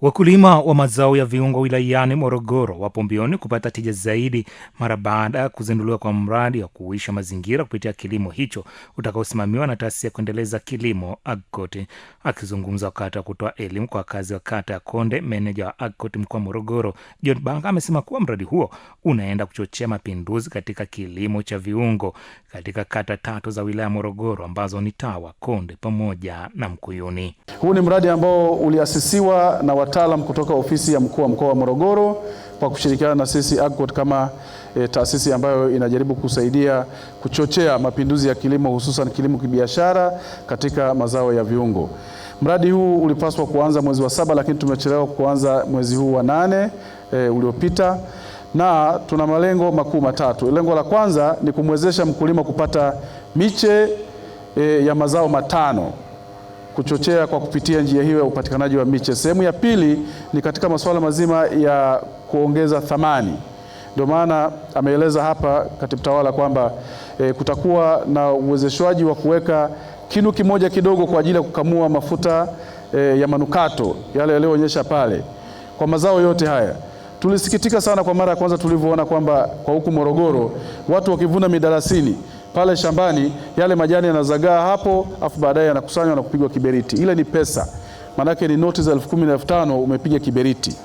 Wakulima wa mazao ya viungo wilayani Morogoro wapo mbioni kupata tija zaidi mara baada ya kuzinduliwa kwa mradi wa kuisha mazingira kupitia kilimo hicho utakaosimamiwa na taasisi ya kuendeleza kilimo AGCOT. Akizungumza wakati wa kutoa elimu kwa wakazi wa kata ya Konde, meneja wa AGCOT mkoa wa Morogoro John Banga amesema kuwa mradi huo unaenda kuchochea mapinduzi katika kilimo cha viungo katika kata tatu za wilaya Morogoro ambazo ni Tawa, Konde pamoja na Mkuyuni. Huu ni mradi ambao uliasisiwa na wataalam kutoka ofisi ya mkuu wa mkoa wa Morogoro kwa kushirikiana na sisi AGCOT kama e, taasisi ambayo inajaribu kusaidia kuchochea mapinduzi ya kilimo hususan kilimo kibiashara katika mazao ya viungo. Mradi huu ulipaswa kuanza mwezi wa saba, lakini tumechelewa kuanza mwezi huu wa nane e, uliopita na tuna malengo makuu matatu. Lengo la kwanza ni kumwezesha mkulima kupata miche e, ya mazao matano kuchochea kwa kupitia njia hiyo ya upatikanaji wa miche. Sehemu ya pili ni katika masuala mazima ya kuongeza thamani. Ndio maana ameeleza hapa katibu tawala kwamba e, kutakuwa na uwezeshwaji wa kuweka kinu kimoja kidogo kwa ajili ya kukamua mafuta e, ya manukato yale yaliyoonyesha pale kwa mazao yote haya. Tulisikitika sana kwa mara ya kwanza tulivyoona kwamba kwa huku Morogoro watu wakivuna midalasini pale shambani, yale majani yanazagaa hapo, afu baadaye yanakusanywa na kupigwa kiberiti. Ile ni pesa, maanake ni noti za elfu kumi na elfu tano umepiga kiberiti.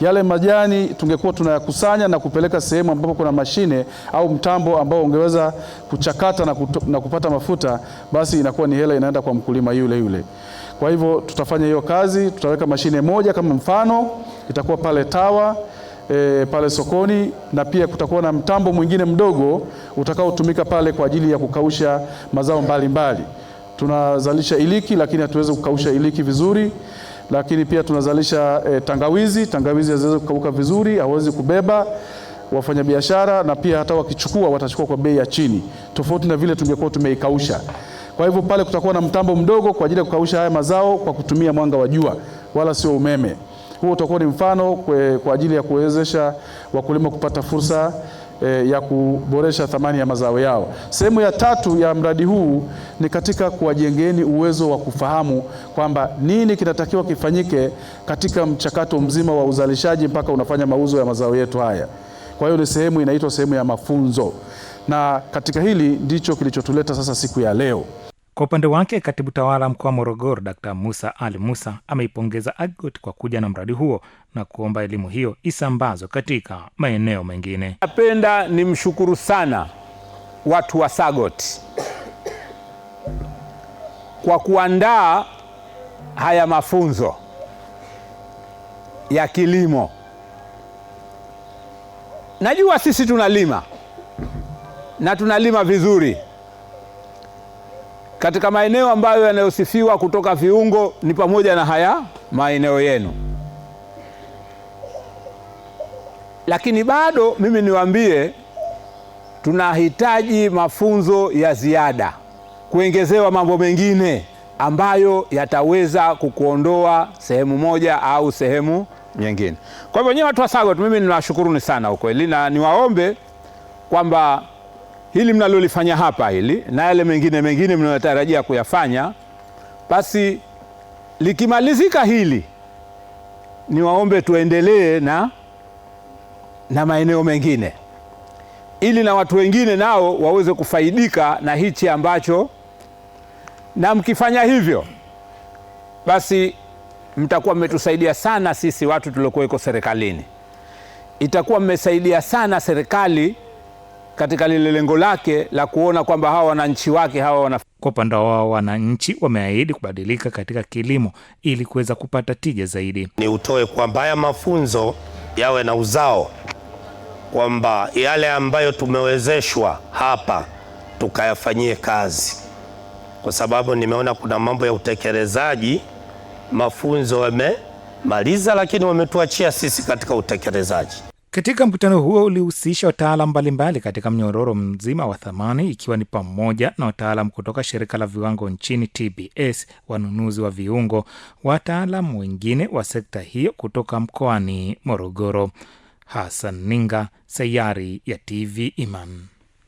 Yale majani tungekuwa tunayakusanya na kupeleka sehemu ambapo kuna mashine au mtambo ambao ungeweza kuchakata na, kuto, na kupata mafuta, basi inakuwa ni hela inaenda kwa mkulima yule yule. Kwa hivyo tutafanya hiyo kazi, tutaweka mashine moja kama mfano, itakuwa pale Tawa e, pale sokoni na pia kutakuwa na mtambo mwingine mdogo utakaotumika pale kwa ajili ya kukausha mazao mbalimbali mbali. Tunazalisha iliki lakini hatuwezi kukausha iliki vizuri, lakini pia tunazalisha e, tangawizi. Tangawizi haziwezi kukauka vizuri, hawezi kubeba wafanyabiashara, na pia hata wakichukua watachukua kwa bei ya chini, tofauti na vile tungekuwa tumeikausha. Kwa hivyo pale kutakuwa na mtambo mdogo kwa ajili ya kukausha haya mazao kwa kutumia mwanga wa jua, wala sio umeme. Huo utakuwa ni mfano kwe, kwa ajili ya kuwezesha wakulima kupata fursa e, ya kuboresha thamani ya mazao yao. Sehemu ya tatu ya mradi huu ni katika kuwajengeni uwezo wa kufahamu kwamba nini kinatakiwa kifanyike katika mchakato mzima wa uzalishaji mpaka unafanya mauzo ya mazao yetu haya. Kwa hiyo ni sehemu inaitwa sehemu ya mafunzo, na katika hili ndicho kilichotuleta sasa siku ya leo. Kwa upande wake katibu tawala mkoa wa Morogoro Dkt Musa al Musa ameipongeza agot kwa kuja na mradi huo na kuomba elimu hiyo isambazwe katika maeneo mengine. Napenda nimshukuru sana watu wa SAGOT kwa kuandaa haya mafunzo ya kilimo. Najua sisi tunalima na tunalima vizuri katika maeneo ambayo yanayosifiwa kutoka viungo ni pamoja na haya maeneo yenu, lakini bado mimi niwaambie, tunahitaji mafunzo ya ziada, kuongezewa mambo mengine ambayo yataweza kukuondoa sehemu moja au sehemu nyingine. Kwa hivyo nyewe watu wa SAGOT, mimi ninawashukuruni sana ukweli, na niwaombe kwamba hili mnalolifanya hapa hili na yale mengine mengine mnayotarajia kuyafanya, basi likimalizika hili, niwaombe tuendelee na, na maeneo mengine ili na watu wengine nao waweze kufaidika na hichi ambacho, na mkifanya hivyo basi mtakuwa mmetusaidia sana sisi watu tuliokuwa iko serikalini, itakuwa mmesaidia sana serikali katika lile lengo lake la kuona kwamba hawa wananchi wake hawa wana. Kwa upande wao wananchi wameahidi kubadilika katika kilimo ili kuweza kupata tija zaidi. Ni utoe kwamba haya mafunzo yawe na uzao, kwamba yale ambayo tumewezeshwa hapa tukayafanyie kazi, kwa sababu nimeona kuna mambo ya utekelezaji, mafunzo wamemaliza, lakini wametuachia sisi katika utekelezaji. Katika mkutano huo ulihusisha wataalam mbalimbali katika mnyororo mzima wa thamani, ikiwa ni pamoja na wataalam kutoka shirika la viwango nchini TBS, wanunuzi wa viungo, wataalam wengine wa sekta hiyo kutoka mkoani Morogoro. Hassan Ninga, sayari ya TV Iman.